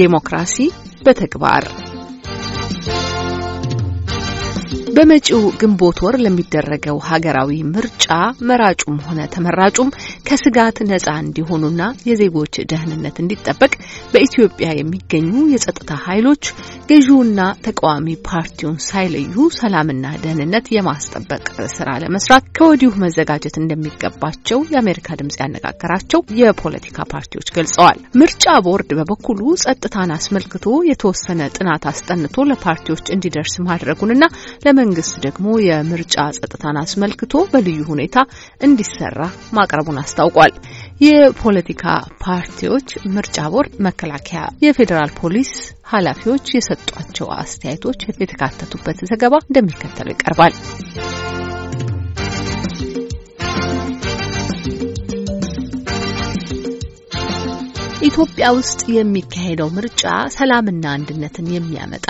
ዴሞክራሲ በተግባር በመጪው ግንቦት ወር ለሚደረገው ሀገራዊ ምርጫ መራጩም ሆነ ተመራጩም ከስጋት ነጻ እንዲሆኑና የዜጎች ደህንነት እንዲጠበቅ በኢትዮጵያ የሚገኙ የጸጥታ ኃይሎች ገዢውና ተቃዋሚ ፓርቲውን ሳይለዩ ሰላምና ደህንነት የማስጠበቅ ስራ ለመስራት ከወዲሁ መዘጋጀት እንደሚገባቸው የአሜሪካ ድምጽ ያነጋገራቸው የፖለቲካ ፓርቲዎች ገልጸዋል። ምርጫ ቦርድ በበኩሉ ጸጥታን አስመልክቶ የተወሰነ ጥናት አስጠንቶ ለፓርቲዎች እንዲደርስ ማድረጉንና ለመንግስት ደግሞ የምርጫ ጸጥታን አስመልክቶ በልዩ ሁኔታ እንዲሰራ ማቅረቡን አስ አስታውቋል። የፖለቲካ ፓርቲዎች ምርጫ ቦርድ፣ መከላከያ፣ የፌዴራል ፖሊስ ኃላፊዎች የሰጧቸው አስተያየቶች የተካተቱበት ዘገባ እንደሚከተለው ይቀርባል። ኢትዮጵያ ውስጥ የሚካሄደው ምርጫ ሰላምና አንድነትን የሚያመጣ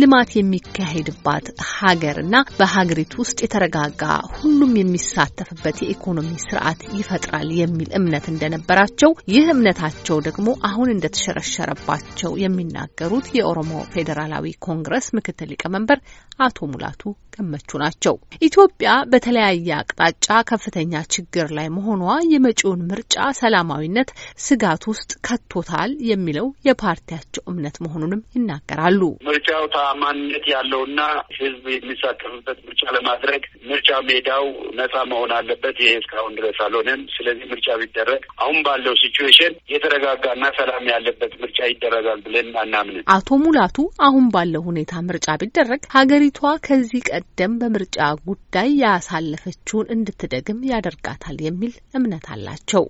ልማት የሚካሄድባት ሀገርና በሀገሪቱ ውስጥ የተረጋጋ ሁሉም የሚሳተፍበት የኢኮኖሚ ስርዓት ይፈጥራል የሚል እምነት እንደነበራቸው ይህ እምነታቸው ደግሞ አሁን እንደተሸረሸረባቸው የሚናገሩት የኦሮሞ ፌዴራላዊ ኮንግረስ ምክትል ሊቀመንበር አቶ ሙላቱ ገመቹ ናቸው። ኢትዮጵያ በተለያየ አቅጣጫ ከፍተኛ ችግር ላይ መሆኗ የመጪውን ምርጫ ሰላማዊነት ስጋት ውስጥ ከቶታል የሚለው የፓርቲያቸው እምነት መሆኑንም ይናገራሉ። ምርጫው ተአማኒነት ያለውና ሕዝብ የሚሳተፍበት ምርጫ ለማድረግ ምርጫ ሜዳው ነጻ መሆን አለበት። ይሄ እስካሁን ድረስ አልሆነም። ስለዚህ ምርጫ ቢደረግ አሁን ባለው ሲቹዌሽን የተረጋጋና ሰላም ያለበት ምርጫ ይደረጋል ብለን አናምንም። አቶ ሙላቱ አሁን ባለው ሁኔታ ምርጫ ቢደረግ ሀገሪቷ ከዚህ ቀ ቀደም በምርጫ ጉዳይ ያሳለፈችውን እንድትደግም ያደርጋታል የሚል እምነት አላቸው።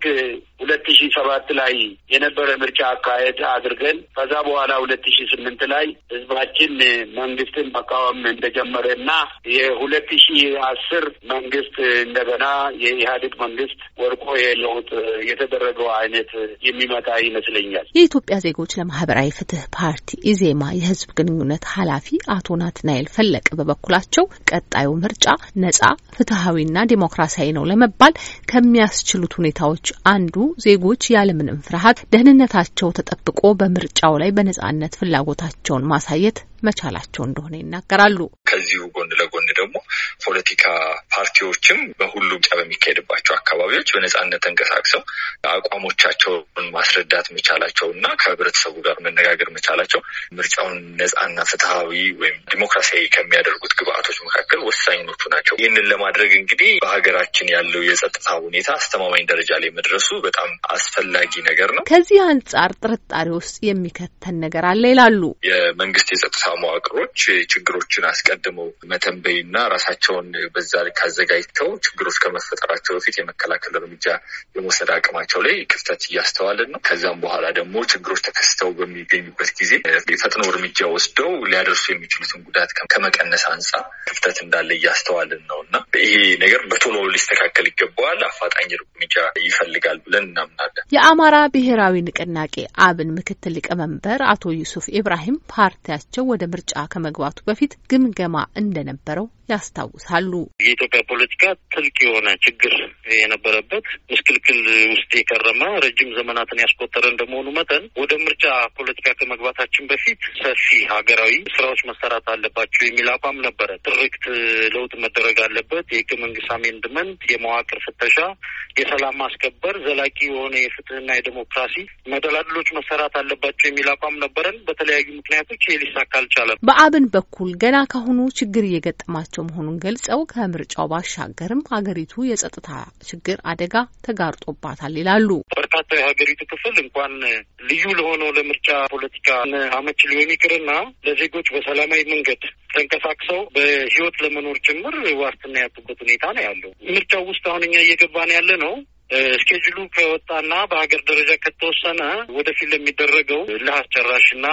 ሁለት ሺ ሰባት ላይ የነበረ ምርጫ አካሄድ አድርገን ከዛ በኋላ ሁለት ሺ ስምንት ላይ ህዝባችን መንግስትን መቃወም እንደጀመረ እና የሁለት ሺ አስር መንግስት እንደገና የኢህአዴግ መንግስት ወርቆ የለውጥ የተደረገው አይነት የሚመጣ ይመስለኛል። የኢትዮጵያ ዜጎች ለማህበራዊ ፍትህ ፓርቲ ኢዜማ የህዝብ ግንኙነት ኃላፊ አቶ ናትናኤል ፈለቀ በበኩላቸው በመሆናቸው ቀጣዩ ምርጫ ነጻ ፍትሐዊና ዴሞክራሲያዊ ነው ለመባል ከሚያስችሉት ሁኔታዎች አንዱ ዜጎች ያለምንም ፍርሃት ደህንነታቸው ተጠብቆ በምርጫው ላይ በነጻነት ፍላጎታቸውን ማሳየት መቻላቸው እንደሆነ ይናገራሉ። ከዚሁ ጎን ለጎን ደግሞ ፖለቲካ ፓርቲዎችም በሁሉም ምርጫ በሚካሄድባቸው አካባቢዎች በነጻነት ተንቀሳቅሰው አቋሞቻቸውን ማስረዳት መቻላቸው እና ከህብረተሰቡ ጋር መነጋገር መቻላቸው ምርጫውን ነጻና ፍትሐዊ ወይም ዲሞክራሲያዊ ከሚያደርጉት ግብአቶች መካከል ወሳኞቹ ናቸው። ይህንን ለማድረግ እንግዲህ በሀገራችን ያለው የጸጥታ ሁኔታ አስተማማኝ ደረጃ ላይ መድረሱ በጣም አስፈላጊ ነገር ነው። ከዚህ አንጻር ጥርጣሬ ውስጥ የሚከተን ነገር አለ ይላሉ። የመንግስት የጸጥታ መዋቅሮች ችግሮችን አስቀድመው መተንበይና ራሳቸውን በዛ ልክ አዘጋጅተው ችግሮች ከመፈጠራቸው በፊት የመከላከል እርምጃ የመውሰድ አቅማቸው ላይ ክፍተት እያስተዋልን ነው። ከዛም በኋላ ደግሞ ችግሮች ተከስተው በሚገኙበት ጊዜ የፈጥኖ እርምጃ ወስደው ሊያደርሱ የሚችሉትን ጉዳት ከመቀነስ አንጻር ክፍተት እንዳለ እያስተዋልን ነው እና ይሄ ነገር በቶሎ ሊስተካከል ይገባዋል፣ አፋጣኝ እርምጃ ይፈልጋል ብለን እናምናለን። የአማራ ብሔራዊ ንቅናቄ አብን ምክትል ሊቀመንበር አቶ ዩሱፍ ኢብራሂም ፓርቲያቸው ወደ ወደ ምርጫ ከመግባቱ በፊት ግምገማ እንደነበረው ያስታውሳሉ። የኢትዮጵያ ፖለቲካ ትልቅ የሆነ ችግር የነበረበት ምስክልክል ውስጥ የከረመ ረጅም ዘመናትን ያስቆጠረ እንደመሆኑ መጠን ወደ ምርጫ ፖለቲካ ከመግባታችን በፊት ሰፊ ሀገራዊ ስራዎች መሰራት አለባቸው የሚል አቋም ነበረ። ትርክት ለውጥ መደረግ አለበት፣ የህገ መንግስት አሜንድመንት፣ የመዋቅር ፍተሻ፣ የሰላም ማስከበር፣ ዘላቂ የሆነ የፍትህና የዴሞክራሲ መደላድሎች መሰራት አለባቸው የሚል አቋም ነበረን። በተለያዩ ምክንያቶች ይህ ሊሳካ አልቻለም። በአብን በኩል ገና ካሁኑ ችግር እየገጠማቸው እየደረሰባቸው መሆኑን ገልጸው ከምርጫው ባሻገርም ሀገሪቱ የጸጥታ ችግር አደጋ ተጋርጦባታል ይላሉ። በርካታ የሀገሪቱ ክፍል እንኳን ልዩ ለሆነው ለምርጫ ፖለቲካ አመች ሊሆን ይቅርና ለዜጎች በሰላማዊ መንገድ ተንቀሳቅሰው በህይወት ለመኖር ጭምር ዋስትና ያጡበት ሁኔታ ነው ያለው። ምርጫው ውስጥ አሁን እኛ እየገባ ነው ያለ ነው እስኬጁሉ ከወጣና በሀገር ደረጃ ከተወሰነ ወደፊት ለሚደረገው ለአስጨራሽና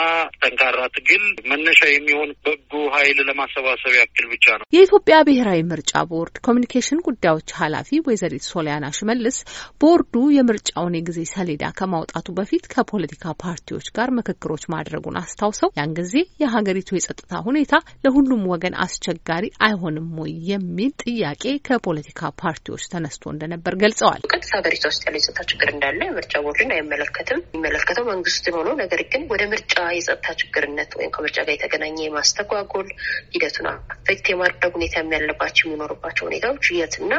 ጠንካራ ትግል መነሻ የሚሆን በጎ ኃይል ለማሰባሰብ ያክል ብቻ ነው። የኢትዮጵያ ብሔራዊ ምርጫ ቦርድ ኮሚኒኬሽን ጉዳዮች ኃላፊ ወይዘሪት ሶሊያና ሽመልስ ቦርዱ የምርጫውን የጊዜ ሰሌዳ ከማውጣቱ በፊት ከፖለቲካ ፓርቲዎች ጋር ምክክሮች ማድረጉን አስታውሰው ያን ጊዜ የሀገሪቱ የጸጥታ ሁኔታ ለሁሉም ወገን አስቸጋሪ አይሆንም ወይ የሚል ጥያቄ ከፖለቲካ ፓርቲዎች ተነስቶ እንደነበር ገልጸዋል። ሀገሪቷ ውስጥ ያለው የጸጥታ ችግር እንዳለ ምርጫ ቦርድን አይመለከትም። የሚመለከተው መንግስት ሆኖ ነገር ግን ወደ ምርጫ የጸጥታ ችግርነት ወይም ከምርጫ ጋር የተገናኘ የማስተጓጎል ሂደቱን አፌክት የማድረግ ሁኔታ የሚያለባቸው የሚኖርባቸው ሁኔታዎች የት እና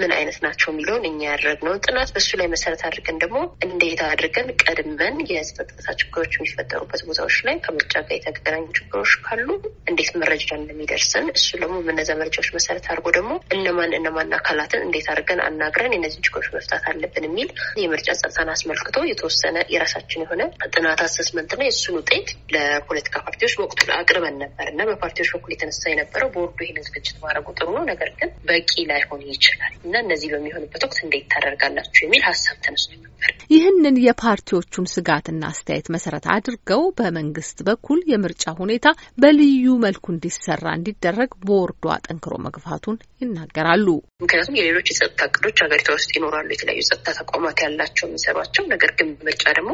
ምን አይነት ናቸው የሚለውን እኛ ያደረግነውን ጥናት በሱ ላይ መሰረት አድርገን ደግሞ እንዴት አድርገን ቀድመን የጸጥታ ችግሮች የሚፈጠሩበት ቦታዎች ላይ ከምርጫ ጋር የተገናኙ ችግሮች ካሉ እንዴት መረጃ እንደሚደርስን እሱ ደግሞ በነዚ መረጃዎች መሰረት አድርጎ ደግሞ እነማን እነማን አካላትን እንዴት አድርገን አናግረን የነዚህ ችግሮች መፍታት ማምጣት አለብን የሚል የምርጫ ጸጥታን አስመልክቶ የተወሰነ የራሳችን የሆነ ጥናት ና የእሱን ውጤት ለፖለቲካ ፓርቲዎች በወቅቱ አቅርበን ነበር እና በፓርቲዎች በኩል የተነሳ የነበረው ቦርዱ ይህን ዝግጅት ማድረጉ ጥሩ ነው፣ ነገር ግን በቂ ላይሆን ይችላል እና እነዚህ በሚሆንበት ወቅት እንዴት ታደርጋላችሁ የሚል ሀሳብ ተነስቶ ነበር። ይህንን የፓርቲዎቹን ስጋትና አስተያየት መሰረት አድርገው በመንግስት በኩል የምርጫ ሁኔታ በልዩ መልኩ እንዲሰራ እንዲደረግ ቦርዱ አጠንክሮ መግፋቱን ይናገራሉ። ምክንያቱም የሌሎች የጸጥታ እቅዶች ሀገሪቷ ውስጥ ይኖራሉ። የተለያዩ ጸጥታ ተቋማት ያላቸው የሚሰሯቸው፣ ነገር ግን ምርጫ ደግሞ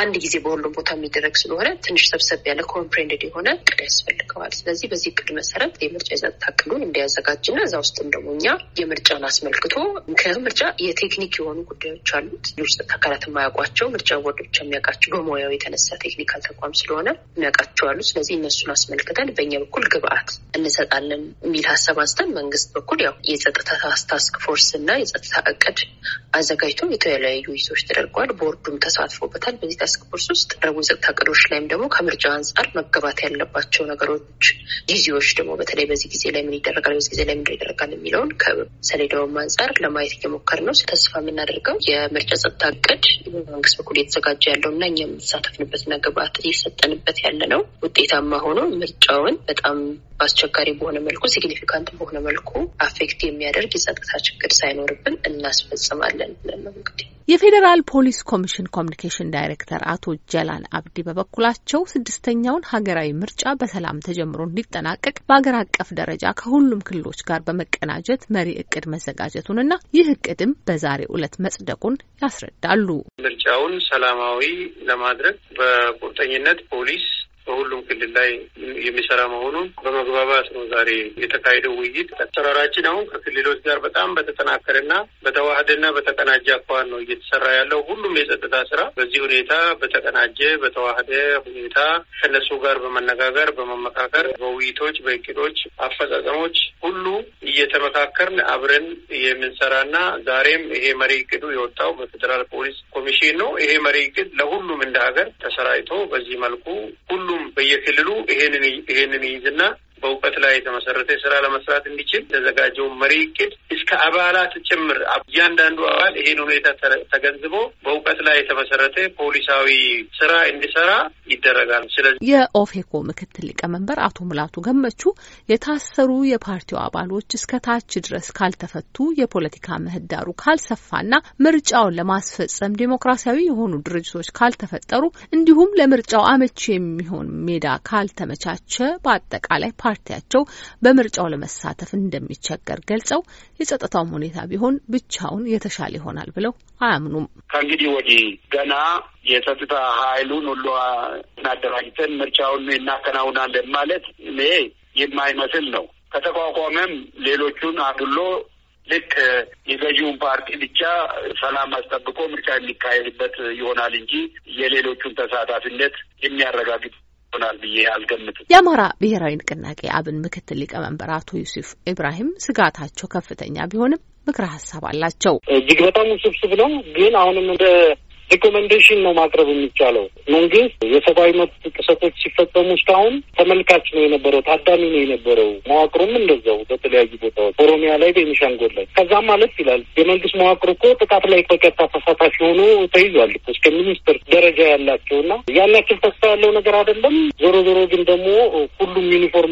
አንድ ጊዜ በሁሉም ቦታ የሚደረግ ስለሆነ ትንሽ ሰብሰብ ያለ ኮምፕሬንድድ የሆነ እቅድ ያስፈልገዋል። ስለዚህ በዚህ እቅድ መሰረት የምርጫ የጸጥታ እቅዱን እንዲያዘጋጅና እዛ ውስጥም ደግሞ እኛ የምርጫን አስመልክቶ ከምርጫ የቴክኒክ የሆኑ ጉዳዮች አሉት። ጸጥታ አካላት የማያውቋቸው ምርጫ ቦርድ የሚያውቃቸው በሙያው የተነሳ ቴክኒካል ተቋም ስለሆነ የሚያውቃቸው አሉ። ስለዚህ እነሱን አስመልክተን በእኛ በኩል ግብአት እንሰጣለን የሚል ሀሳብ አንስተን መንግስት በኩል ያው የጸጥታ ታስክ ፎርስ እና የጸጥታ እቅድ አዘጋጅቶ የተለያዩ ይዞች ተደርጓል። ቦርዱም ተሳትፎበታል። በዚህ ታስክ ፎርስ ውስጥ ረቡዕ ጸጥታ ላይም ደግሞ ከምርጫው አንጻር መገባት ያለባቸው ነገሮች፣ ጊዜዎች ደግሞ በተለይ በዚህ ጊዜ ላይ ምን ይደረጋል፣ በዚህ ጊዜ ላይ ምን ይደረጋል የሚለውን ከሰሌዳውም አንጻር ለማየት እየሞከር ነው። ተስፋ የምናደርገው የምርጫ ጸጥታ እቅድ መንግስት በኩል የተዘጋጀ ያለው እና እኛም የተሳተፍንበትና ግብአት እየሰጠንበት ያለ ነው ውጤታማ ሆኖ ምርጫውን በጣም አስቸጋሪ በሆነ መልኩ ሲግኒፊካንት በሆነ መልኩ አፌክት የሚያደርግ የጸጥታ ችግር ሳይኖርብን እናስፈጽማለን ብለን ነው እንግዲህ የፌዴራል ፖሊስ ኮሚሽን ኮሚኒኬሽን ዳይሬክተር አቶ ጀላን አብዲ በበኩላቸው ስድስተኛውን ሀገራዊ ምርጫ በሰላም ተጀምሮ እንዲጠናቀቅ በሀገር አቀፍ ደረጃ ከሁሉም ክልሎች ጋር በመቀናጀት መሪ እቅድ መዘጋጀቱንና ይህ እቅድም በዛሬ ዕለት መጽደቁን ያስረዳሉ። ምርጫውን ሰላማዊ ለማድረግ በቁርጠኝነት ፖሊስ በሁሉም ክልል ላይ የሚሰራ መሆኑን በመግባባት ነው ዛሬ የተካሄደው ውይይት። አሰራራችን አሁን ከክልሎች ጋር በጣም በተጠናከረና በተዋህደና በተቀናጀ አኳን ነው እየተሰራ ያለው። ሁሉም የጸጥታ ስራ በዚህ ሁኔታ በተቀናጀ በተዋህደ ሁኔታ ከነሱ ጋር በመነጋገር በመመካከር፣ በውይይቶች፣ በእቅዶች፣ አፈጻጸሞች ሁሉ እየተመካከርን አብረን የምንሰራና ዛሬም ይሄ መሪ እቅዱ የወጣው በፌዴራል ፖሊስ ኮሚሽን ነው። ይሄ መሪ እቅድ ለሁሉም እንደ ሀገር ተሰራጭቶ በዚህ መልኩ ሁሉ ሁሉም በየክልሉ ይሄንን ይሄንን ይይዝና በእውቀት ላይ የተመሰረተ ስራ ለመስራት እንዲችል የተዘጋጀውን መሪ እቅድ እስከ አባላት ጭምር እያንዳንዱ አባል ይሄን ሁኔታ ተገንዝቦ በእውቀት ላይ የተመሰረተ ፖሊሳዊ ስራ እንዲሰራ ይደረጋል። ስለዚህ የኦፌኮ ምክትል ሊቀመንበር አቶ ሙላቱ ገመቹ የታሰሩ የፓርቲው አባሎች እስከ ታች ድረስ ካልተፈቱ የፖለቲካ ምህዳሩ ካልሰፋና ምርጫውን ለማስፈጸም ዴሞክራሲያዊ የሆኑ ድርጅቶች ካልተፈጠሩ እንዲሁም ለምርጫው አመቺ የሚሆን ሜዳ ካልተመቻቸ በአጠቃላይ ፓርቲያቸው በምርጫው ለመሳተፍ እንደሚቸገር ገልጸው የጸጥታውም ሁኔታ ቢሆን ብቻውን የተሻለ ይሆናል ብለው አያምኑም። ከእንግዲህ ወዲህ ገና የጸጥታ ኃይሉን ሁሉ እናደራጅተን ምርጫውን እናከናውናለን ማለት እኔ የማይመስል ነው። ከተቋቋመም ሌሎቹን አድሎ ልክ የገዢውን ፓርቲ ብቻ ሰላም አስጠብቆ ምርጫ የሚካሄድበት ይሆናል እንጂ የሌሎቹን ተሳታፊነት የሚያረጋግጥ ይሆናል ብዬ አልገምትም። የአማራ ብሔራዊ ንቅናቄ አብን ምክትል ሊቀመንበር አቶ ዩሱፍ ኢብራሂም ስጋታቸው ከፍተኛ ቢሆንም ምክረ ሀሳብ አላቸው። እጅግ በጣም ውስብስብ ነው። ግን አሁንም እንደ ሪኮመንዴሽን ነው ማቅረብ የሚቻለው። መንግስት የሰብአዊ መብት ጥሰቶች ሲፈጸሙ እስካሁን ተመልካች ነው የነበረው፣ ታዳሚ ነው የነበረው። መዋቅሩም እንደዛው በተለያዩ ቦታዎች ኦሮሚያ ላይ፣ ቤኒሻንጎል ላይ ከዛም ማለት ይላል የመንግስት መዋቅር እኮ ጥቃት ላይ በቀጥታ ተሳታፊ ሆኖ ተይዟል እስከ ሚኒስትር ደረጃ ያላቸው እና ያን ያክል ተስፋ ያለው ነገር አይደለም። ዞሮ ዞሮ ግን ደግሞ ሁሉም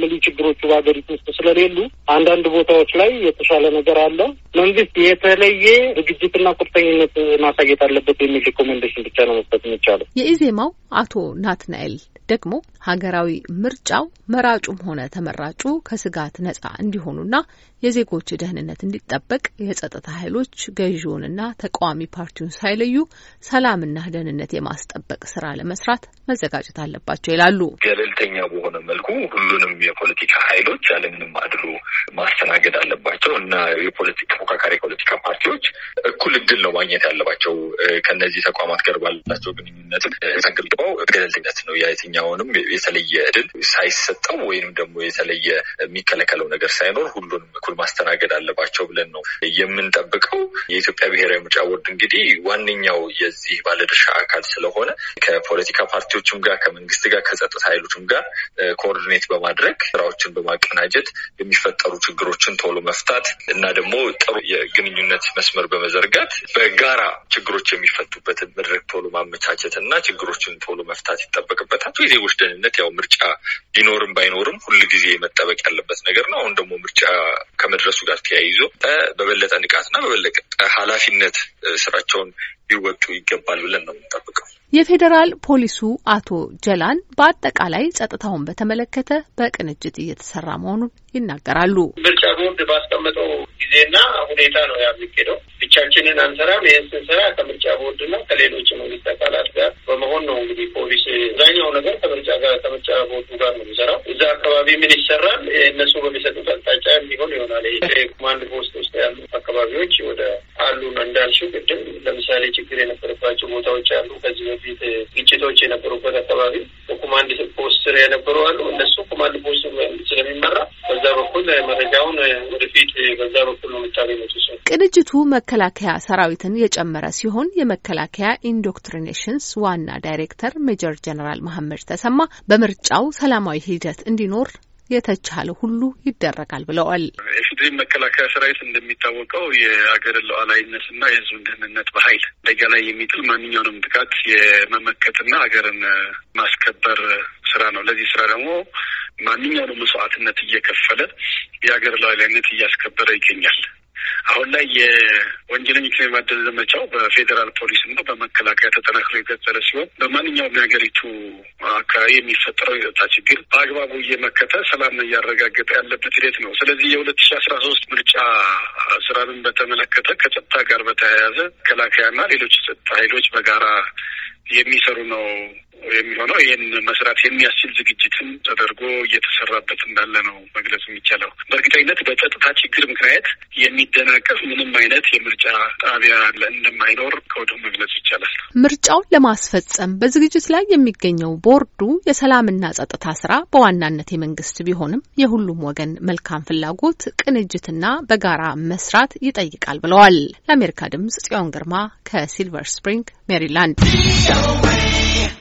ልዩ ችግሮቹ በሀገሪቱ ውስጥ ስለሌሉ አንዳንድ ቦታዎች ላይ የተሻለ ነገር አለ። መንግስት የተለየ ዝግጅትና ቁርጠኝነት ማሳየት አለበት የሚል ሪኮሜንዴሽን ብቻ ነው መስጠት የሚቻለው። የኢዜማው አቶ ናትናኤል ደግሞ ሀገራዊ ምርጫው መራጩም ሆነ ተመራጩ ከስጋት ነጻ እንዲሆኑና የዜጎች ደህንነት እንዲጠበቅ የጸጥታ ኃይሎች ገዢውንና ተቃዋሚ ፓርቲውን ሳይለዩ ሰላምና ደህንነት የማስጠበቅ ስራ ለመስራት መዘጋጀት አለባቸው ይላሉ። ገለልተኛ በሆነ መልኩ ሁሉንም የፖለቲካ ኃይሎች ያለምንም አድሎ ማስተናገድ አለባቸው እና የፖለቲካ ተፎካካሪ የፖለቲካ ፓርቲዎች እኩል እድል ነው ማግኘት ያለባቸው ከነዚህ ተቋማት ጋር ባላቸው ግንኙነት ተገልግበው ነው የትኛው ማንኛውንም የተለየ እድል ሳይሰጠው ወይንም ደግሞ የተለየ የሚከለከለው ነገር ሳይኖር ሁሉንም እኩል ማስተናገድ አለባቸው ብለን ነው የምንጠብቀው። የኢትዮጵያ ብሔራዊ ምርጫ ቦርድ እንግዲህ ዋነኛው የዚህ ባለድርሻ አካል ስለሆነ ከፖለቲካ ፓርቲዎችም ጋር ከመንግስት ጋር ከጸጥታ ኃይሎችም ጋር ኮኦርዲኔት በማድረግ ስራዎችን በማቀናጀት የሚፈጠሩ ችግሮችን ቶሎ መፍታት እና ደግሞ ጥሩ የግንኙነት መስመር በመዘርጋት በጋራ ችግሮች የሚፈቱበትን መድረክ ቶሎ ማመቻቸት እና ችግሮችን ቶሎ መፍታት ይጠበቅበታል። ዜጎች ደህንነት ያው ምርጫ ቢኖርም ባይኖርም ሁል ጊዜ መጠበቅ ያለበት ነገር ነው። አሁን ደግሞ ምርጫ ከመድረሱ ጋር ተያይዞ በበለጠ ንቃትና በበለጠ ኃላፊነት ስራቸውን ሊወጡ ይገባል ብለን ነው የምንጠብቀው። የፌዴራል ፖሊሱ አቶ ጀላን በአጠቃላይ ጸጥታውን በተመለከተ በቅንጅት እየተሰራ መሆኑን ይናገራሉ። ምርጫ ቦርድ ባስቀመጠው ጊዜና ሁኔታ ነው ያ ብቻችንን አንሰራም። ይህን ስንሰራ ከምርጫ ቦርድና ከሌሎች መንግስት አካላት ጋር በመሆን ነው። እንግዲህ ፖሊስ አብዛኛው ነገር ከምርጫ ጋር ከምርጫ ቦርዱ ጋር ነው የሚሰራው። እዛ አካባቢ ምን ይሰራል እነሱ በሚሰጡት አቅጣጫ የሚሆን ይሆናል። ኮማንድ ፖስት ውስጥ ያሉ አካባቢዎች ወደ አሉ እንዳልሽው ቅድም ለምሳሌ ችግር የነበረባቸው ቦታዎች አሉ። ከዚህ በፊት ግጭቶች የነበሩበት አካባቢ በኮማንድ ፖስት ስር የነበሩ አሉ። እነሱ ኮማንድ ፖስት ስለሚመራ በዛ በኩል መረጃውን ወደፊት በዛ በኩል ነው የምታገኙት። ቅንጅቱ መከላከያ ሰራዊትን የጨመረ ሲሆን የመከላከያ ኢንዶክትሪኔሽንስ ዋና ዳይሬክተር ሜጀር ጀነራል መሀመድ ተሰማ በምርጫው ሰላማዊ ሂደት እንዲኖር የተቻለ ሁሉ ይደረጋል ብለዋል። የኢፌዴሪ መከላከያ ሰራዊት እንደሚታወቀው የሀገርን ሉዓላዊነትና የሕዝብን ደህንነት በኃይል አደጋ ላይ የሚጥል ማንኛውንም ጥቃት የመመከትና ሀገርን ማስከበር ስራ ነው። ለዚህ ስራ ደግሞ ማንኛውንም መስዋዕትነት እየከፈለ የሀገር ሉዓላዊነት እያስከበረ ይገኛል። አሁን ላይ የወንጀለኞች የማደን ዘመቻው በፌዴራል ፖሊስ እና በመከላከያ ተጠናክሮ የቀጠለ ሲሆን በማንኛውም የሀገሪቱ አካባቢ የሚፈጠረው የጸጥታ ችግር በአግባቡ እየመከተ ሰላምን እያረጋገጠ ያለበት ሂደት ነው። ስለዚህ የሁለት ሺ አስራ ሶስት ምርጫ ስራንን በተመለከተ ከጸጥታ ጋር በተያያዘ መከላከያና ሌሎች ጸጥታ ኃይሎች በጋራ የሚሰሩ ነው የሚሆነው ይህን መስራት የሚያስችል ዝግጅትም ተደርጎ እየተሰራበት እንዳለ ነው መግለጽ የሚቻለው። በእርግጠኝነት በጸጥታ ችግር ምክንያት የሚደናቀፍ ምንም አይነት የምርጫ ጣቢያ እንደማይኖር ከወዲሁ መግለጽ ይቻላል። ምርጫውን ለማስፈጸም በዝግጅት ላይ የሚገኘው ቦርዱ የሰላምና ጸጥታ ስራ በዋናነት የመንግስት ቢሆንም የሁሉም ወገን መልካም ፍላጎት ቅንጅትና በጋራ መስራት ይጠይቃል ብለዋል። ለአሜሪካ ድምጽ ጽዮን ግርማ ከሲልቨር ስፕሪንግ ሜሪላንድ